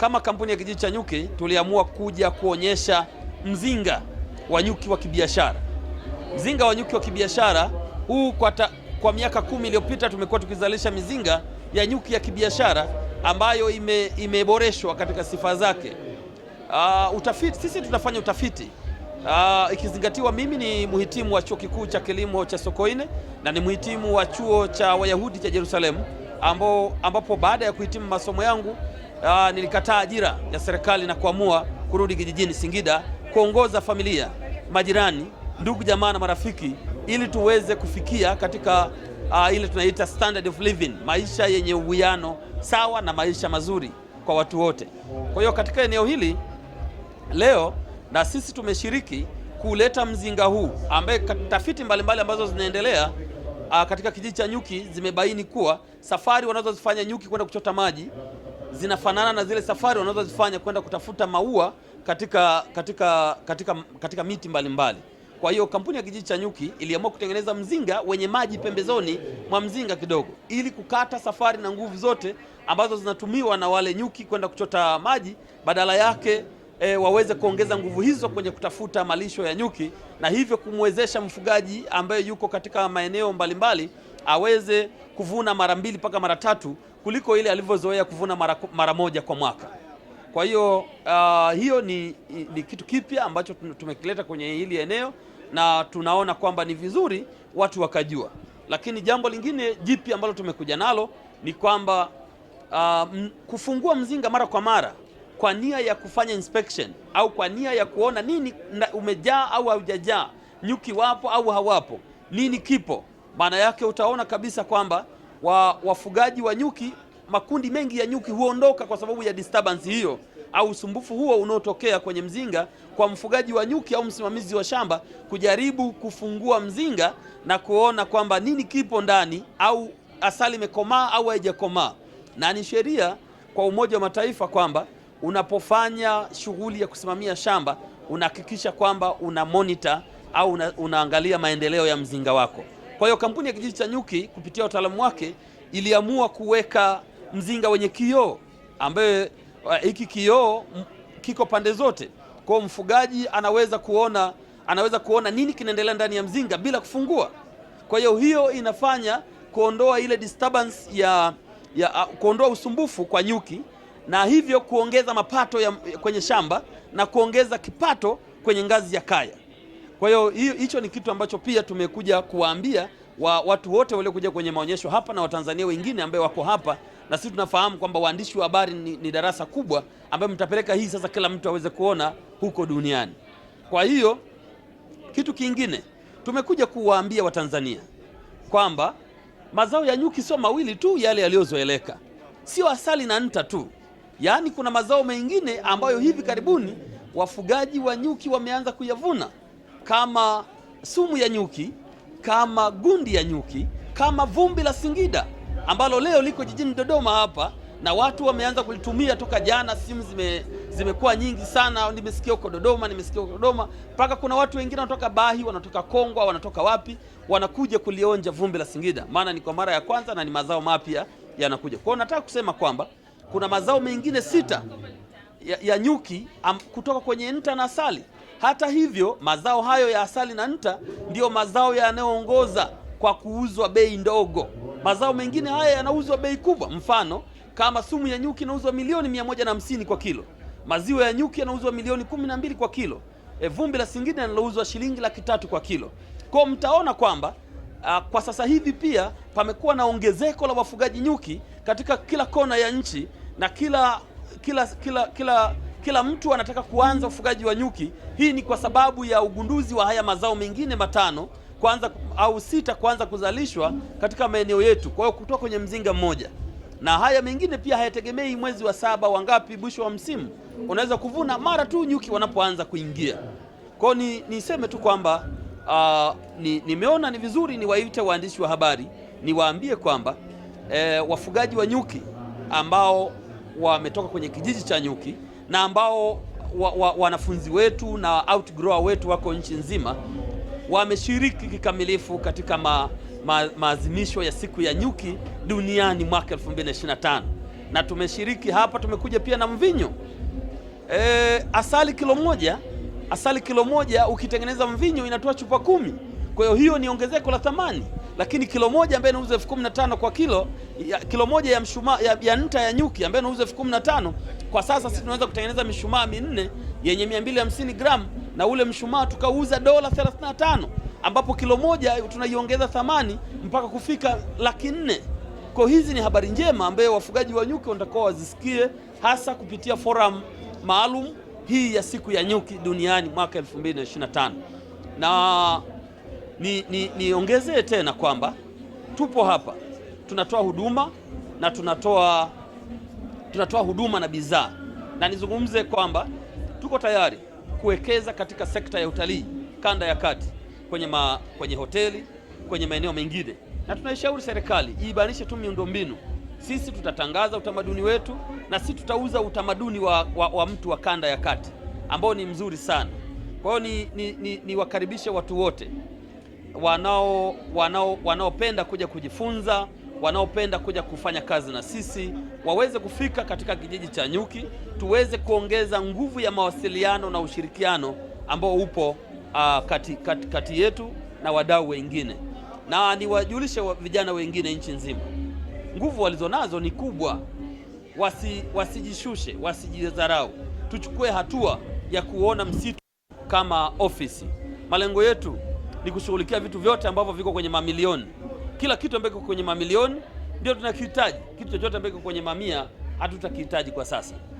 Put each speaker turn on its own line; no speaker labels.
Kama kampuni ya kijiji cha nyuki tuliamua kuja kuonyesha mzinga wa nyuki wa kibiashara. Mzinga wa nyuki wa kibiashara huu kwa, ta, kwa miaka kumi iliyopita tumekuwa tukizalisha mizinga ya nyuki ya kibiashara ambayo ime, imeboreshwa katika sifa zake. Aa, ah, utafiti, sisi tunafanya utafiti Aa, ah, ikizingatiwa mimi ni mhitimu wa chuo kikuu cha kilimo cha Sokoine na ni mhitimu wa chuo cha Wayahudi cha Yerusalemu ambapo baada ya kuhitimu masomo yangu aa, ah, nilikataa ajira ya serikali na kuamua kurudi kijijini Singida kuongoza familia, majirani, ndugu jamaa na marafiki ili tuweze kufikia katika uh, ile tunaita standard of living, maisha yenye uwiano sawa na maisha mazuri kwa watu wote. Kwa hiyo katika eneo hili leo na sisi tumeshiriki kuleta mzinga huu ambaye tafiti mbalimbali ambazo zinaendelea uh, katika kijiji cha nyuki zimebaini kuwa safari wanazozifanya nyuki kwenda kuchota maji zinafanana na zile safari wanazozifanya kwenda kutafuta maua katika, katika, katika, katika miti mbalimbali mbali. Kwa hiyo kampuni ya kijiji cha nyuki iliamua kutengeneza mzinga wenye maji pembezoni mwa mzinga kidogo, ili kukata safari na nguvu zote ambazo zinatumiwa na wale nyuki kwenda kuchota maji, badala yake e, waweze kuongeza nguvu hizo kwenye kutafuta malisho ya nyuki, na hivyo kumwezesha mfugaji ambaye yuko katika maeneo mbalimbali aweze kuvuna mara mbili mpaka mara tatu kuliko ile alivyozoea kuvuna mara, mara moja kwa mwaka. Kwa hiyo uh, hiyo ni, ni kitu kipya ambacho tumekileta kwenye hili eneo na tunaona kwamba ni vizuri watu wakajua, lakini jambo lingine jipya ambalo tumekuja nalo ni kwamba uh, kufungua mzinga mara kwa mara kwa nia ya kufanya inspection au kwa nia ya kuona nini umejaa au haujajaa, nyuki wapo au hawapo, nini kipo, maana yake utaona kabisa kwamba wa wafugaji wa nyuki, makundi mengi ya nyuki huondoka kwa sababu ya disturbance hiyo au usumbufu huo unaotokea kwenye mzinga kwa mfugaji wa nyuki au msimamizi wa shamba kujaribu kufungua mzinga na kuona kwamba nini kipo ndani au asali imekomaa au haijakomaa. Na ni sheria kwa Umoja wa Mataifa kwamba unapofanya shughuli ya kusimamia shamba unahakikisha kwamba una monitor au una, unaangalia maendeleo ya mzinga wako. Kwa hiyo kampuni ya kijiji cha nyuki kupitia wataalamu wake iliamua kuweka mzinga wenye kioo ambaye eh, hiki kioo kiko pande zote, kwa hiyo mfugaji anaweza kuona, anaweza kuona nini kinaendelea ndani ya mzinga bila kufungua. Kwa hiyo hiyo inafanya kuondoa ile disturbance ya, ya ah, kuondoa usumbufu kwa nyuki na hivyo kuongeza mapato ya, kwenye shamba na kuongeza kipato kwenye ngazi ya kaya. Kwa hiyo hicho ni kitu ambacho pia tumekuja kuwaambia wa watu wote waliokuja kwenye maonyesho hapa na Watanzania wengine ambao wako hapa, na sisi tunafahamu kwamba waandishi wa habari ni, ni darasa kubwa ambayo mtapeleka hii sasa kila mtu aweze kuona huko duniani. Kwa hiyo kitu kingine tumekuja kuwaambia Watanzania kwamba mazao ya nyuki sio mawili tu yale yaliyozoeleka, sio asali na nta tu, yaani kuna mazao mengine ambayo hivi karibuni wafugaji wa nyuki wameanza kuyavuna kama sumu ya nyuki, kama gundi ya nyuki, kama vumbi la Singida ambalo leo liko jijini Dodoma hapa na watu wameanza kulitumia toka jana. Simu zime zimekuwa nyingi sana, nimesikia huko Dodoma, nimesikia huko Dodoma, mpaka kuna watu wengine wanatoka Bahi, wanatoka Kongwa, wanatoka wapi, wanakuja kulionja vumbi la Singida, maana ni kwa mara ya kwanza na ni mazao mapya yanakuja kwao. Nataka kusema kwamba kuna mazao mengine sita ya, ya nyuki am, kutoka kwenye nta na asali hata hivyo, mazao hayo ya asali na nta ndiyo mazao yanayoongoza kwa kuuzwa bei ndogo. Mazao mengine haya yanauzwa bei kubwa, mfano kama sumu ya nyuki inauzwa milioni mia moja na hamsini kwa kilo, maziwa ya nyuki yanauzwa milioni kumi na mbili kwa kilo, e, vumbi la singida linalouzwa shilingi laki tatu kwa kilo. Kwa mtaona kwamba a, kwa sasa hivi pia pamekuwa na ongezeko la wafugaji nyuki katika kila kona ya nchi na kila kila kila kila kila mtu anataka kuanza ufugaji wa nyuki. Hii ni kwa sababu ya ugunduzi wa haya mazao mengine matano kwanza au sita kuanza kuzalishwa katika maeneo yetu, kwa hiyo kutoka kwenye mzinga mmoja. Na haya mengine pia hayategemei mwezi wa saba wangapi, mwisho wa msimu unaweza kuvuna mara tu nyuki wanapoanza kuingia. Kwa hiyo niseme tu kwamba uh, nimeona ni, ni vizuri niwaite waandishi wa habari niwaambie kwamba eh, wafugaji wa nyuki ambao wametoka kwenye kijiji cha nyuki na ambao wa, wa, wanafunzi wetu na outgrower wetu wako nchi nzima wameshiriki kikamilifu katika ma, ma, maazimisho ya siku ya nyuki duniani mwaka 2025 na tumeshiriki hapa. Tumekuja pia na mvinyo e, asali kilo moja, asali kilo moja ukitengeneza mvinyo inatoa chupa kumi. Kwa hiyo hiyo ni ongezeko la thamani lakini kilo moja ambaye inauza elfu kumi na tano kwa kilo ya, kilo moja ya mshumaa ya, ya nta ya nyuki ambaye inauza elfu kumi na tano kwa sasa sisi tunaweza kutengeneza mishumaa minne yenye 250 gramu na ule mshumaa tukauza dola 35 ambapo kilo moja tunaiongeza thamani mpaka kufika laki nne. Kwa hizi ni habari njema ambayo wafugaji wa nyuki watakuwa wazisikie hasa kupitia forum maalum hii ya siku ya nyuki duniani mwaka 2025 na Niongezee ni, ni tena kwamba tupo hapa tunatoa huduma na tunatoa, tunatoa huduma na bidhaa, na nizungumze kwamba tuko tayari kuwekeza katika sekta ya utalii kanda ya kati kwenye, ma, kwenye hoteli kwenye maeneo mengine, na tunaishauri serikali iibanishe tu miundombinu. Sisi tutatangaza utamaduni wetu na sisi tutauza utamaduni wa, wa, wa mtu wa kanda ya kati ambao ni mzuri sana. Kwa hiyo ni, ni, ni, niwakaribishe watu wote wanao wanao wanaopenda kuja kujifunza, wanaopenda kuja kufanya kazi na sisi waweze kufika katika kijiji cha Nyuki, tuweze kuongeza nguvu ya mawasiliano na ushirikiano ambao upo uh, kati, kati, kati yetu na wadau wengine, na niwajulishe vijana wengine nchi nzima, nguvu walizonazo ni kubwa, wasi, wasijishushe, wasijidharau. Tuchukue hatua ya kuona msitu kama ofisi. Malengo yetu ni kushughulikia vitu vyote ambavyo viko kwenye mamilioni. Kila kitu ambacho kiko kwenye mamilioni ndio tunakihitaji. Kitu chochote ambacho kiko kwenye mamia hatutakihitaji kwa sasa.